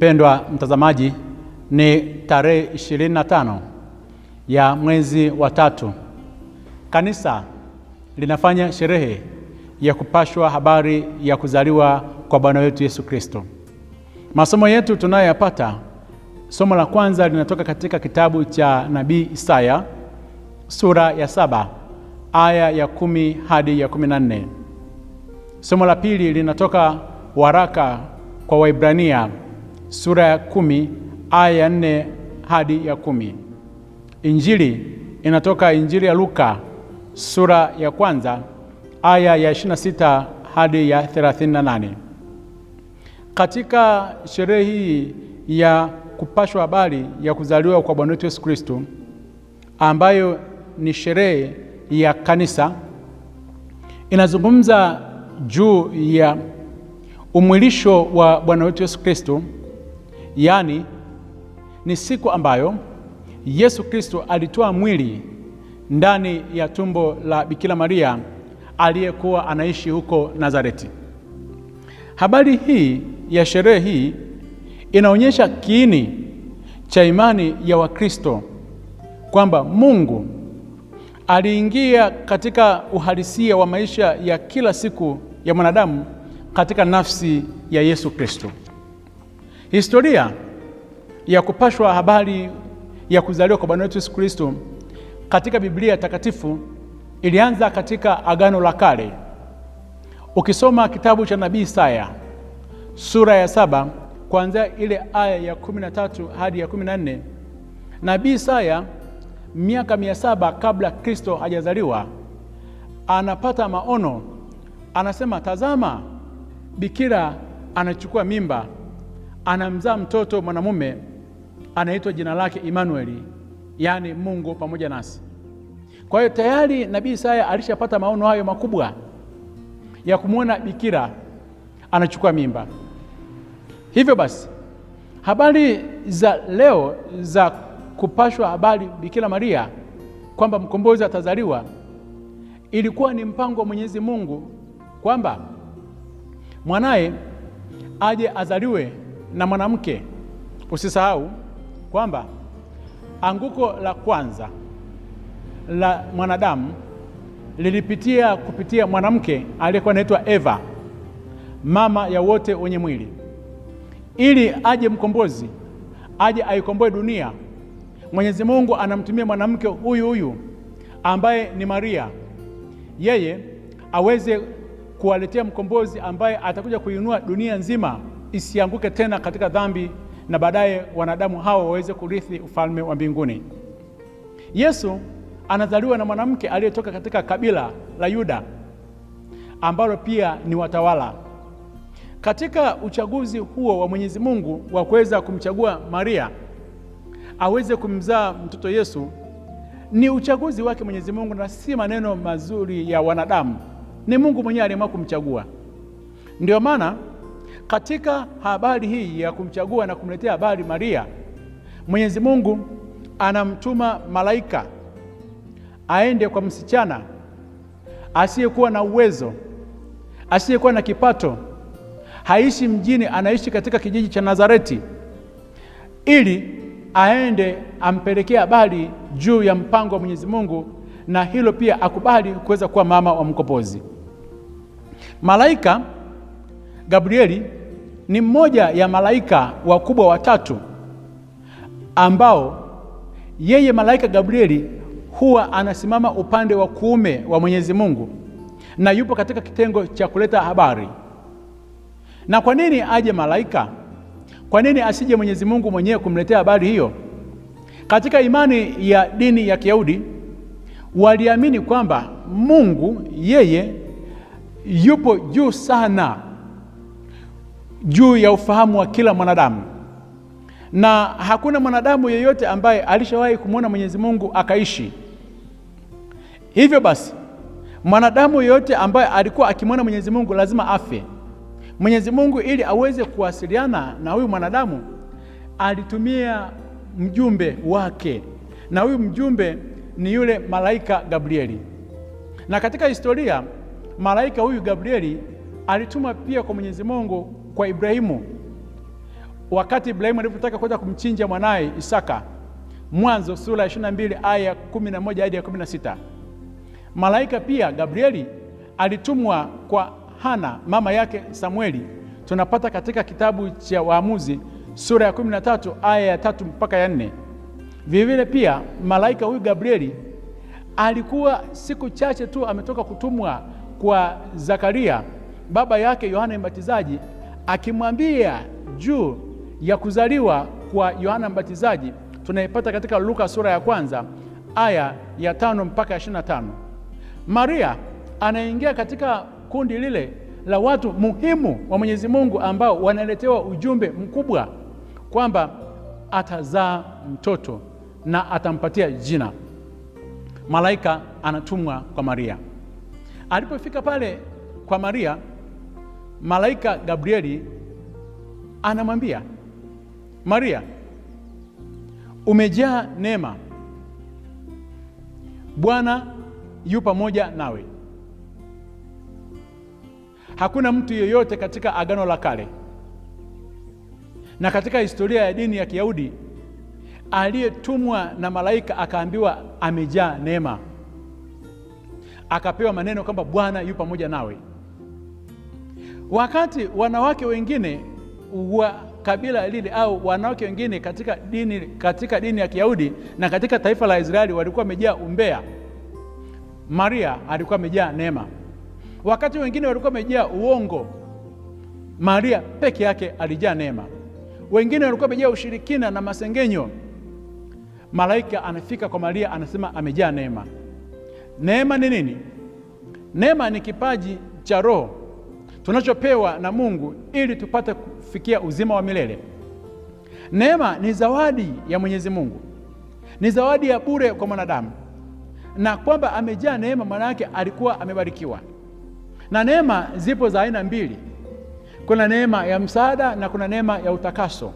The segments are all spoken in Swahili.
Mpendwa mtazamaji, ni tarehe 25 ya mwezi wa tatu, kanisa linafanya sherehe ya kupashwa habari ya kuzaliwa kwa Bwana wetu Yesu Kristo. Masomo yetu tunayoyapata, somo la kwanza linatoka katika kitabu cha nabii Isaya sura ya saba aya ya kumi hadi ya kumi na nne. Somo la pili linatoka waraka kwa Waibrania sura ya kumi aya ya nne hadi ya kumi. Injili inatoka Injili ya Luka sura ya kwanza aya ya 26 hadi ya 38. Katika sherehe hii ya kupashwa habari ya kuzaliwa kwa Bwana wetu Yesu Kristo, ambayo ni sherehe ya kanisa, inazungumza juu ya umwilisho wa Bwana wetu Yesu Kristo yaani ni siku ambayo Yesu Kristo alitoa mwili ndani ya tumbo la Bikira Maria aliyekuwa anaishi huko Nazareti. Habari hii ya sherehe hii inaonyesha kiini cha imani ya Wakristo kwamba Mungu aliingia katika uhalisia wa maisha ya kila siku ya mwanadamu katika nafsi ya Yesu Kristo. Historia ya kupashwa habari ya kuzaliwa kwa Bwana wetu Yesu Kristo katika Biblia takatifu ilianza katika Agano la Kale. Ukisoma kitabu cha nabii Isaya sura ya saba kuanzia ile aya ya kumi na tatu hadi ya kumi na nne nabii Isaya miaka mia saba kabla Kristo hajazaliwa anapata maono, anasema, tazama, bikira anachukua mimba anamzaa mtoto mwanamume anaitwa jina lake Imanueli, yaani Mungu pamoja nasi. Kwa hiyo tayari nabii Isaya alishapata maono hayo makubwa ya kumwona bikira anachukua mimba. Hivyo basi habari za leo za kupashwa habari Bikira Maria kwamba mkombozi atazaliwa ilikuwa ni mpango wa Mwenyezi Mungu kwamba mwanaye aje azaliwe na mwanamke, usisahau kwamba anguko la kwanza la mwanadamu lilipitia kupitia mwanamke aliyekuwa anaitwa Eva, mama ya wote wenye mwili. Ili aje mkombozi, aje aikomboe dunia, Mwenyezi Mungu anamtumia mwanamke huyu huyu ambaye ni Maria, yeye aweze kuwaletea mkombozi ambaye atakuja kuinua dunia nzima isianguke tena katika dhambi na baadaye wanadamu hao waweze kurithi ufalme wa mbinguni. Yesu anazaliwa na mwanamke aliyetoka katika kabila la Yuda ambalo pia ni watawala. Katika uchaguzi huo wa Mwenyezi Mungu wa kuweza kumchagua Maria aweze kumzaa mtoto Yesu, ni uchaguzi wake Mwenyezi Mungu na si maneno mazuri ya wanadamu. Ni Mungu mwenyewe aliamua kumchagua. Ndio maana katika habari hii ya kumchagua na kumletea habari Maria, Mwenyezi Mungu anamtuma malaika aende kwa msichana asiyekuwa na uwezo, asiyekuwa na kipato, haishi mjini, anaishi katika kijiji cha Nazareti, ili aende ampelekee habari juu ya mpango wa Mwenyezi Mungu, na hilo pia akubali kuweza kuwa mama wa mkopozi. Malaika Gabrieli ni mmoja ya malaika wakubwa watatu ambao yeye malaika Gabrieli huwa anasimama upande wa kuume wa Mwenyezi Mungu na yupo katika kitengo cha kuleta habari. Na kwa nini aje malaika? Kwa nini asije Mwenyezi Mungu mwenyewe kumletea habari hiyo? Katika imani ya dini ya Kiyahudi waliamini kwamba Mungu yeye yupo juu sana juu ya ufahamu wa kila mwanadamu, na hakuna mwanadamu yeyote ambaye alishawahi kumwona Mwenyezi Mungu akaishi. Hivyo basi mwanadamu yeyote ambaye alikuwa akimwona Mwenyezi Mungu lazima afe. Mwenyezi Mungu ili aweze kuwasiliana na huyu mwanadamu alitumia mjumbe wake, na huyu mjumbe ni yule malaika Gabrieli. Na katika historia malaika huyu Gabrieli alitumwa pia kwa Mwenyezi Mungu kwa Ibrahimu. Wakati Ibrahimu alipotaka kwenda kumchinja mwanaye Isaka, Mwanzo sura ya 22 aya ya 11 hadi ya 16. Malaika pia Gabrieli alitumwa kwa Hana mama yake Samueli, tunapata katika kitabu cha Waamuzi sura ya 13 aya ya tatu mpaka ya nne. Vilevile pia malaika huyu Gabrieli alikuwa siku chache tu ametoka kutumwa kwa Zakaria baba yake Yohana Mbatizaji akimwambia juu ya kuzaliwa kwa Yohana Mbatizaji tunaipata katika Luka sura ya kwanza aya ya tano mpaka ishirini na tano. Maria anaingia katika kundi lile la watu muhimu wa Mwenyezi Mungu ambao wanaletewa ujumbe mkubwa kwamba atazaa mtoto na atampatia jina. Malaika anatumwa kwa Maria. Alipofika pale kwa Maria malaika Gabrieli anamwambia Maria, umejaa neema, Bwana yu pamoja nawe. Hakuna mtu yeyote katika Agano la Kale na katika historia ya dini ya Kiyahudi aliyetumwa na malaika akaambiwa amejaa neema, akapewa maneno kwamba Bwana yu pamoja nawe wakati wanawake wengine wa kabila lile au wanawake wengine katika dini, katika dini ya Kiyahudi na katika taifa la Israeli walikuwa wamejaa umbea, Maria alikuwa amejaa neema. Wakati wengine walikuwa wamejaa uongo, Maria peke yake alijaa neema. Wengine walikuwa wamejaa ushirikina na masengenyo, malaika anafika kwa Maria anasema amejaa neema. Neema ni nini? Neema ni kipaji cha Roho tunachopewa na Mungu ili tupate kufikia uzima wa milele. Neema ni zawadi ya Mwenyezi Mungu, ni zawadi ya bure kwa mwanadamu, na kwamba amejaa neema, maana yake alikuwa amebarikiwa. Na neema zipo za aina mbili, kuna neema ya msaada na kuna neema ya utakaso.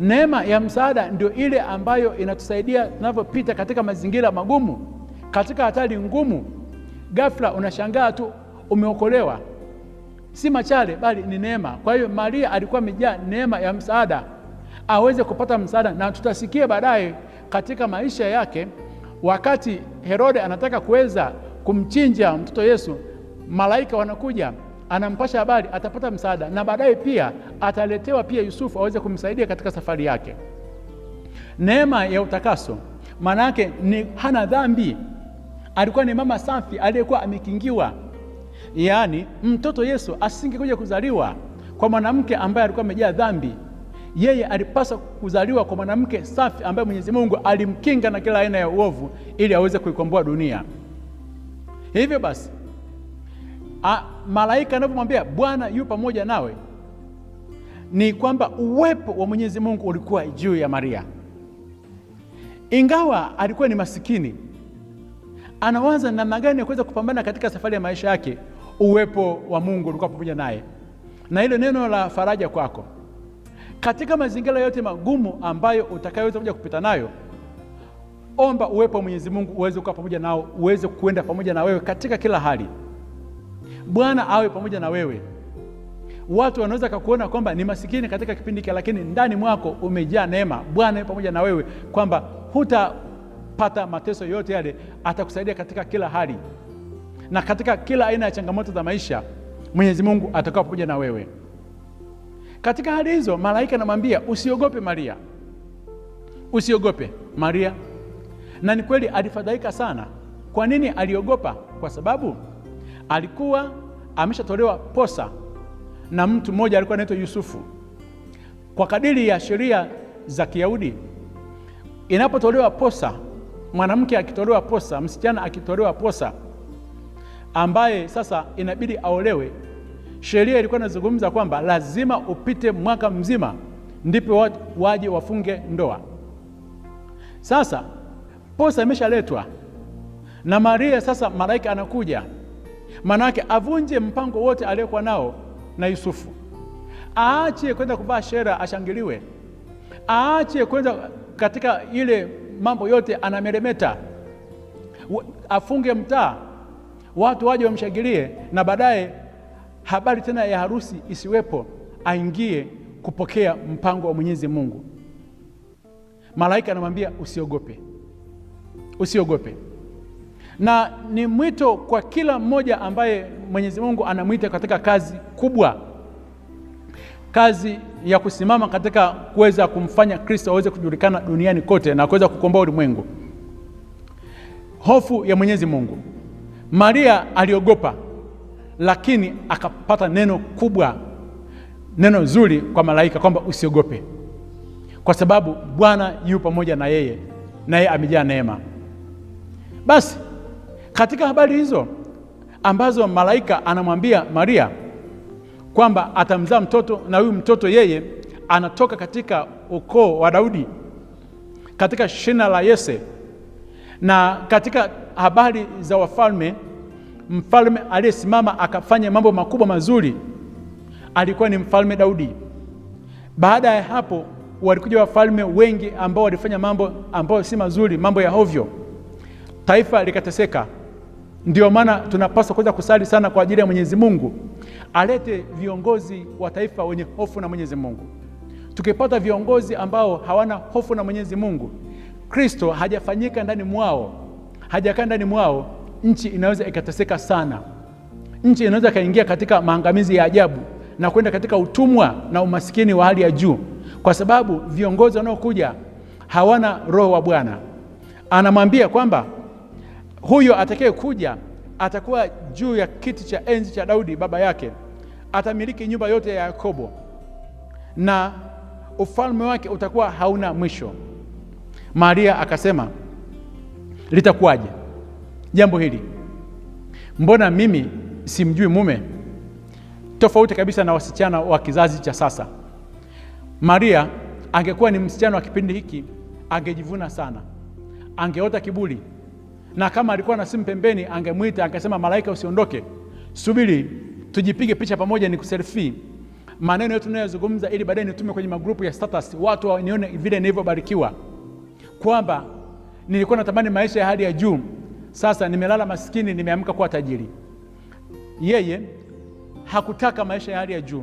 Neema ya msaada ndio ile ambayo inatusaidia tunavyopita katika mazingira magumu, katika hatari ngumu, ghafla unashangaa tu umeokolewa si machale bali ni neema. Kwa hiyo Maria alikuwa amejaa neema ya msaada, aweze kupata msaada, na tutasikia baadaye katika maisha yake, wakati Herode anataka kuweza kumchinja mtoto Yesu, malaika wanakuja, anampasha habari, atapata msaada, na baadaye pia ataletewa pia Yusufu aweze kumsaidia katika safari yake. Neema ya utakaso maana yake ni hana dhambi, alikuwa ni mama safi aliyekuwa amekingiwa Yaani mtoto Yesu asingekuja kuzaliwa kwa mwanamke ambaye alikuwa amejaa dhambi. Yeye alipaswa kuzaliwa kwa mwanamke safi ambaye Mwenyezi Mungu alimkinga na kila aina ya uovu ili aweze kuikomboa dunia. Hivyo basi a, malaika anapomwambia Bwana yu pamoja nawe, ni kwamba uwepo wa Mwenyezi Mungu ulikuwa juu ya Maria, ingawa alikuwa ni masikini anawaza namna gani ya kuweza kupambana katika safari ya maisha yake. Uwepo wa Mungu ulikuwa pamoja naye, na hilo neno la faraja kwako katika mazingira yote magumu ambayo utakayoweza kuja kupita nayo, omba uwepo wa Mwenyezi Mungu uweze kuwa pamoja nao, uweze kuenda pamoja na wewe katika kila hali. Bwana awe pamoja na wewe. Watu wanaweza kakuona kwamba ni masikini katika kipindi hiki, lakini ndani mwako umejaa neema. Bwana awe pamoja na wewe kwamba huta pata mateso yote yale, atakusaidia katika kila hali na katika kila aina ya changamoto za maisha. Mwenyezi Mungu atakuwa pamoja na wewe katika hali hizo. Malaika anamwambia usiogope Maria, usiogope Maria. Na ni kweli alifadhaika sana. Kwa nini aliogopa? Kwa sababu alikuwa ameshatolewa posa na mtu mmoja alikuwa anaitwa Yusufu. Kwa kadiri ya sheria za Kiyahudi, inapotolewa posa mwanamke akitolewa posa, msichana akitolewa posa, ambaye sasa inabidi aolewe, sheria ilikuwa inazungumza kwamba lazima upite mwaka mzima ndipo waje wafunge ndoa. Sasa posa imeshaletwa na Maria, sasa malaika anakuja, manake avunje mpango wote aliyokuwa nao na Yusufu, aache kwenda kuvaa shera ashangiliwe, aache kwenda katika ile mambo yote anameremeta, afunge mtaa, watu waje wamshangilie, na baadaye habari tena ya harusi isiwepo, aingie kupokea mpango wa Mwenyezi Mungu. Malaika anamwambia usiogope, usiogope. Na ni mwito kwa kila mmoja ambaye Mwenyezi Mungu anamwita katika kazi kubwa kazi ya kusimama katika kuweza kumfanya Kristo aweze kujulikana duniani kote na kuweza kukomboa ulimwengu. Hofu ya Mwenyezi Mungu. Maria aliogopa, lakini akapata neno kubwa, neno zuri kwa malaika kwamba usiogope, kwa sababu Bwana yu pamoja na yeye, naye amejaa neema. Basi katika habari hizo ambazo malaika anamwambia Maria kwamba atamzaa mtoto na huyu mtoto yeye anatoka katika ukoo wa Daudi katika shina la Yese. Na katika habari za wafalme, mfalme aliyesimama akafanya mambo makubwa mazuri alikuwa ni mfalme Daudi. Baada ya hapo, walikuja wafalme wengi ambao walifanya mambo ambayo si mazuri, mambo ya hovyo, taifa likateseka. Ndiyo maana tunapaswa kuweza kusali sana kwa ajili ya Mwenyezi Mungu alete viongozi wa taifa wenye hofu na Mwenyezi Mungu. Tukipata viongozi ambao hawana hofu na Mwenyezi Mungu, Kristo hajafanyika ndani mwao, hajakaa ndani mwao, nchi inaweza ikateseka sana. Nchi inaweza ikaingia katika maangamizi ya ajabu na kwenda katika utumwa na umasikini wa hali ya juu, kwa sababu viongozi wanaokuja hawana roho wa Bwana. Anamwambia kwamba huyo atakaye kuja atakuwa juu ya kiti cha enzi cha Daudi baba yake, atamiliki nyumba yote ya Yakobo, na ufalme wake utakuwa hauna mwisho. Maria akasema, litakuwaje jambo hili? Mbona mimi simjui mume? Tofauti kabisa na wasichana wa kizazi cha sasa. Maria angekuwa ni msichana wa kipindi hiki, angejivuna sana, angeota kiburi na kama alikuwa na simu pembeni, angemwita angesema, malaika usiondoke, subiri tujipige picha pamoja, ni selfie maneno yetu tunayozungumza, ili baadaye nitume kwenye magrupu ya status, watu wanione vile nilivyobarikiwa, kwamba nilikuwa natamani maisha ya hali ya juu, sasa nimelala maskini, nimeamka kuwa tajiri. Yeye hakutaka maisha ya hali ya juu,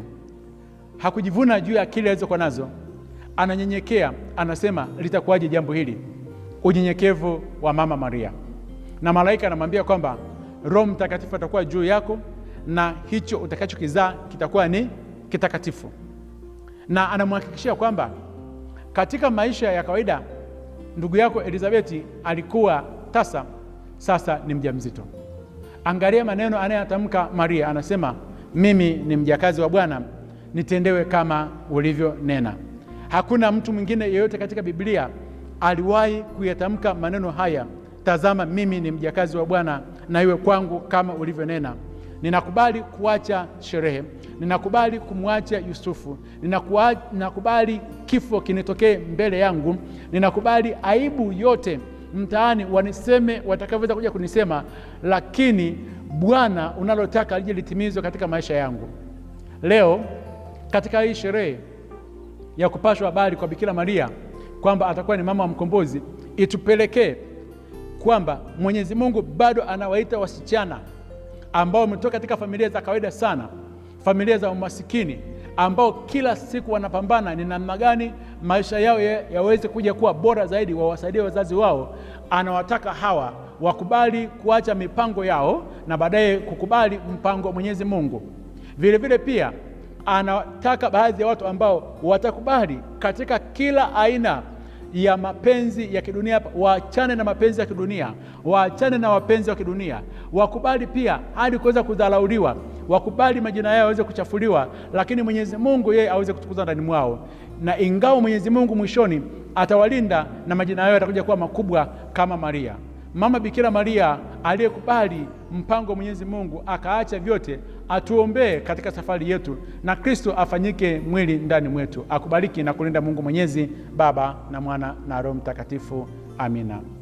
hakujivuna juu ya kile alizokuwa nazo, ananyenyekea, anasema litakuwaje jambo hili? Unyenyekevu wa Mama Maria na malaika anamwambia kwamba Roho Mtakatifu atakuwa juu yako na hicho utakachokizaa kitakuwa ni kitakatifu, na anamhakikishia kwamba katika maisha ya kawaida ndugu yako Elizabeti alikuwa tasa, sasa ni mjamzito. Angalia maneno anayotamka Maria, anasema mimi ni mjakazi wa Bwana, nitendewe kama ulivyonena. Hakuna mtu mwingine yeyote katika Biblia aliwahi kuyatamka maneno haya tazama, mimi ni mjakazi wa Bwana, na iwe kwangu kama ulivyonena. Ninakubali kuacha sherehe, ninakubali kumwacha Yusufu, ninakubali kifo kinitokee mbele yangu, ninakubali aibu yote mtaani waniseme watakavyoweza kuja kunisema, lakini Bwana, unalotaka lije litimizwe katika maisha yangu. Leo katika hii sherehe ya kupashwa habari kwa Bikira Maria kwamba atakuwa ni mama wa mkombozi, itupelekee kwamba Mwenyezi Mungu bado anawaita wasichana ambao wametoka katika familia za kawaida sana, familia za umasikini, ambao kila siku wanapambana ni namna gani maisha yao yaweze kuja kuwa bora zaidi, wawasaidie wazazi wao. Anawataka hawa wakubali kuacha mipango yao na baadaye kukubali mpango wa Mwenyezi Mungu. Vilevile pia anataka baadhi ya watu ambao watakubali katika kila aina ya mapenzi ya kidunia waachane na mapenzi ya kidunia, waachane na wapenzi wa kidunia, wakubali pia hadi kuweza kudharauliwa, wakubali majina yao yaweze kuchafuliwa, lakini Mwenyezi Mungu yeye aweze kutukuzwa ndani mwao, na ingawa Mwenyezi Mungu mwishoni atawalinda na majina yao yatakuja kuwa makubwa kama Maria. Mama Bikira Maria aliyekubali mpango wa Mwenyezi Mungu akaacha vyote atuombee katika safari yetu, na Kristo afanyike mwili ndani mwetu. Akubariki na kulinda Mungu Mwenyezi, Baba na Mwana na Roho Mtakatifu. Amina.